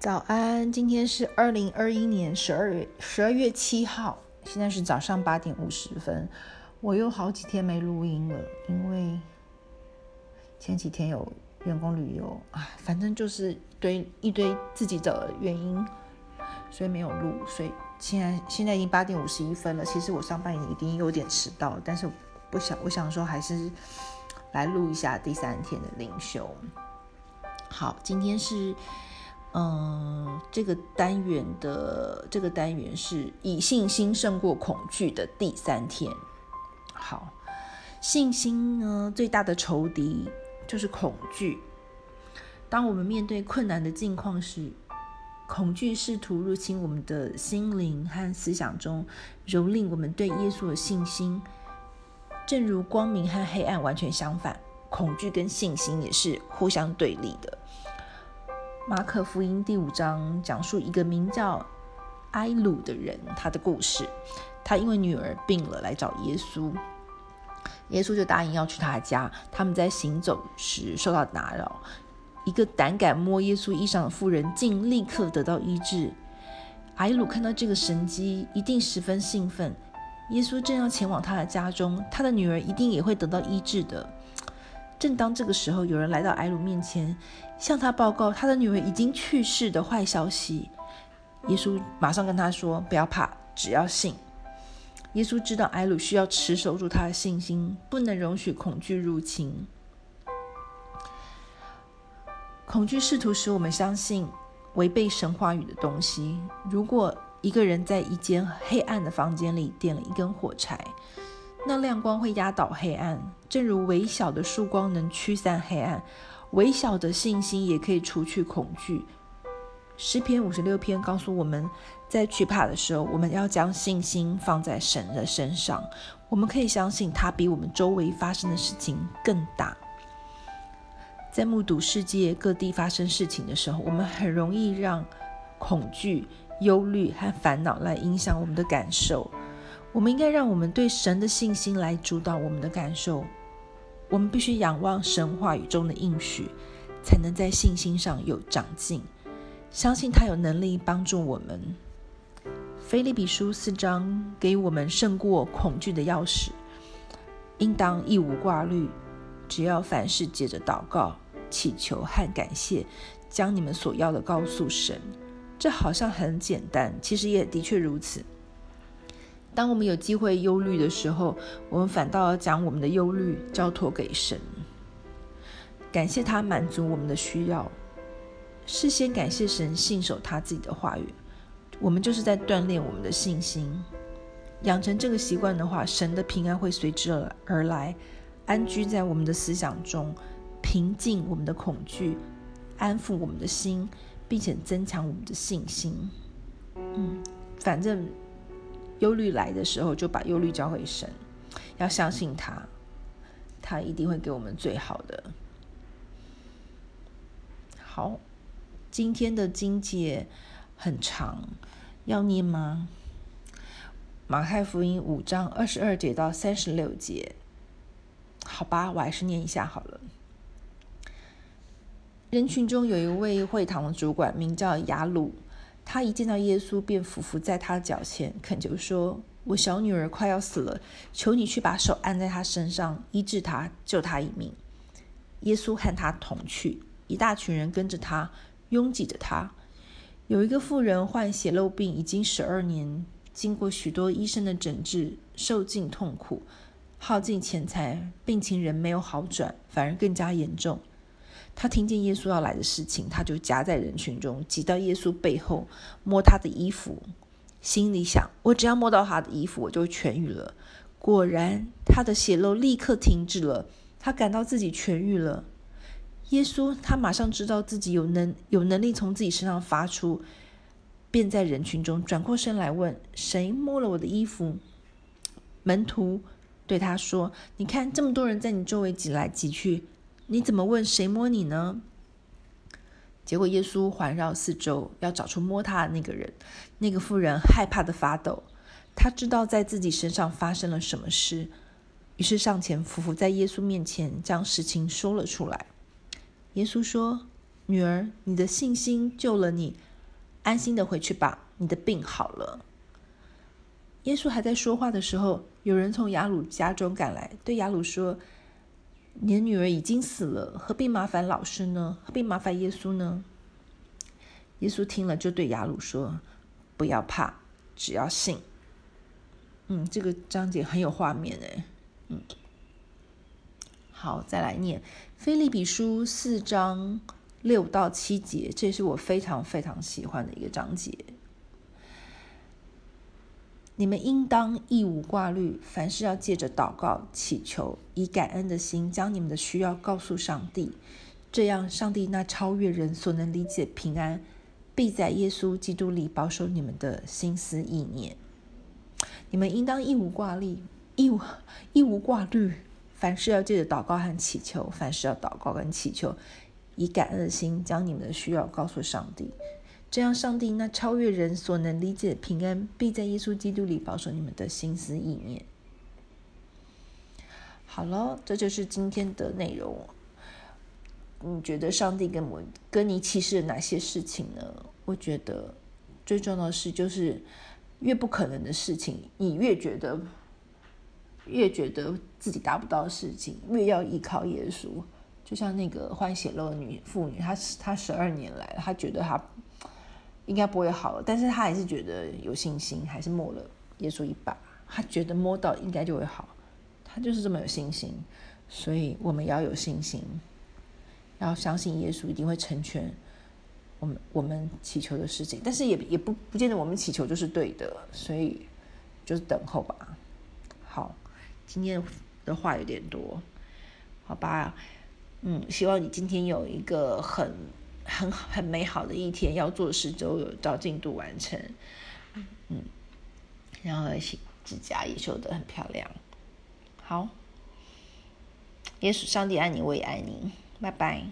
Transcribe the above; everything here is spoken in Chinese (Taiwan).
早安，今天是二零二一年十二月十二月七號，現在是早上八點五十分。我又好幾天沒錄音了，因為前幾天有員工旅遊啊，反正就是一堆一堆自己的原因，所以沒有錄。所以現在現在已經八點五十一分了。其實我上班已經一定有點遲到，但是不想，我想說還是來錄一下第三天的靈修。好，今天是。嗯，這個單元的這個單元是以信心勝過恐懼的第三天。好，信心呢，最大的仇敵就是恐懼。當我們面對困難的境況時，恐懼試圖入侵我們的心靈和思想中，蹂躪我們對耶穌的信心。正如光明和黑暗完全相反，恐懼跟信心也是互相對立的。馬可福音第五章講述一個名叫睚魯的人他的故事。他因為女兒病了來找耶穌，耶穌就答應要去他的家。他們在行走時受到打擾，一個膽敢摸耶穌衣裳的婦人竟立刻得到醫治。睚魯看到這個神蹟一定十分興奮。耶穌正要前往他的家中，他的女兒一定也會得到醫治的。正當這個時候，有人來到睚魯面前，向他報告他的女兒已經去世的壞消息。耶穌馬上跟他說：“不要怕，只要信。”耶穌知道睚魯需要持守住他的信心，不能容許恐懼入侵。恐懼試圖使我們相信違背神話語的東西。如果一個人在一間黑暗的房間裡點了一根火柴，那亮光會壓倒黑暗，正如微小的曙光能驅散黑暗，微小的信心也可以除去恐懼。詩篇五十六篇告訴我們，在懼怕的時候，我們要將信心放在神的身上。我們可以相信他比我們周圍發生的事情更大。在目睹世界各地發生事情的時候，我們很容易讓恐懼、憂慮和煩惱來影響我們的感受。我們應該讓我們對神的信心來主導我們的感受。我們必須仰望神話語中的應許，才能在信心上有長進，相信他有能力幫助我們。腓立比書四章給我們勝過恐懼的鑰匙，應當一無掛慮，只要凡事藉著禱告、祈求和感謝，將你們所要的告訴神。這好像很簡單，其實也的確如此。當我們有機會憂慮的時候，我們反倒要將我們的憂慮交托給神，感謝他滿足我們的需要，事先感謝神信守他自己的話語，我們就是在鍛煉我們的信心。養成這個習慣的話，神的平安會隨之而來，安居在我們的思想中，平靜我們的恐懼，安撫我們的心，並且增強我們的信心。嗯，反正。憂慮來的時候，就把憂慮交回神，要相信他，他一定會給我們最好的。好，今天的經節很長，要念嗎？馬太福音五章二十二節到三十六節，好吧，我還是念一下好了。人群中有一位會堂主管，名叫睚魯。他一見到耶穌，便俯伏在他的腳前，懇求說：“我小女兒快要死了，求你去把手按在她身上，醫治她，救她一命。”耶穌和他同去，一大群人跟着他，擁擠着他。有一個婦人患血漏病已經十二年，經過許多醫生的診治，受盡痛苦，耗盡錢財，病情仍沒有好轉，反而更加嚴重。他聽見耶穌要來的事情，他就夾在人群中擠到耶穌背後，摸他的衣服，心裡想：我只要摸到他的衣服，我就痊癒了。果然，他的血漏立刻停止了，他感到自己痊癒了。耶穌他馬上知道自己有能有能力從自己身上發出，便在人群中轉過身來問：誰摸了我的衣服？門徒對他說：你看，這麼多人在你周圍擠來擠去。你怎麼問誰摸你呢？結果耶穌環繞四周，要找出摸他的那個人。那個婦人害怕得發抖，她知道在自己身上發生了什麼事，於是上前俯伏，在耶穌面前，將事情說了出來。耶穌說：“女兒，你的信心救了你，安心地回去吧，你的病好了。”耶穌還在說話的時候，有人從睚魯家中趕來，對睚魯說，你的女兒已經死了，何必麻煩老師呢？何必麻煩耶穌呢？耶穌聽了，就對睚魯說：“不要怕，只要信。”嗯，這個章節很有畫面哎。嗯，好，再來念《腓立比書》四章六到七節，這也是我非常非常喜歡的一個章節。你們應當一無掛慮，凡事要借着禱告、祈求，以感恩的心將你們的需要告訴上帝，這樣，上帝那超越人所能理解平安，必在耶穌基督裡保守你們的心思意念。你們應當一無掛慮，一無一無掛慮，凡事要借着禱告和祈求，凡事要禱告跟祈求，以感恩的心將你們的需要告訴上帝。這樣，上帝那超越人所能理解的平安，必在耶穌基督裡保守你們的心思意念。好了，這就是今天的內容。你覺得上帝跟摩跟尼啟示哪些事情呢？我覺得最重要的事就是，越不可能的事情，你越覺得越覺得自己達不到的事情，越要依靠耶穌。就像那個患血漏的女婦女，她她十二年來，她覺得她。應該不會好了，但是他還是覺得有信心，還是摸了耶穌一把，他覺得摸到應該就會好，他就是這麼有信心，所以我們要有信心，要相信耶穌一定會成全我們我們祈求的事情，但是也也不不見得我們祈求就是對的，所以就是等候吧。好，今天的話有點多，好吧，嗯，希望你今天有一個很。很好，很美好的一天，要做事都有照進度完成，嗯，嗯然後指甲也修得很漂亮，好，耶穌，上帝愛你，我也愛你，拜拜。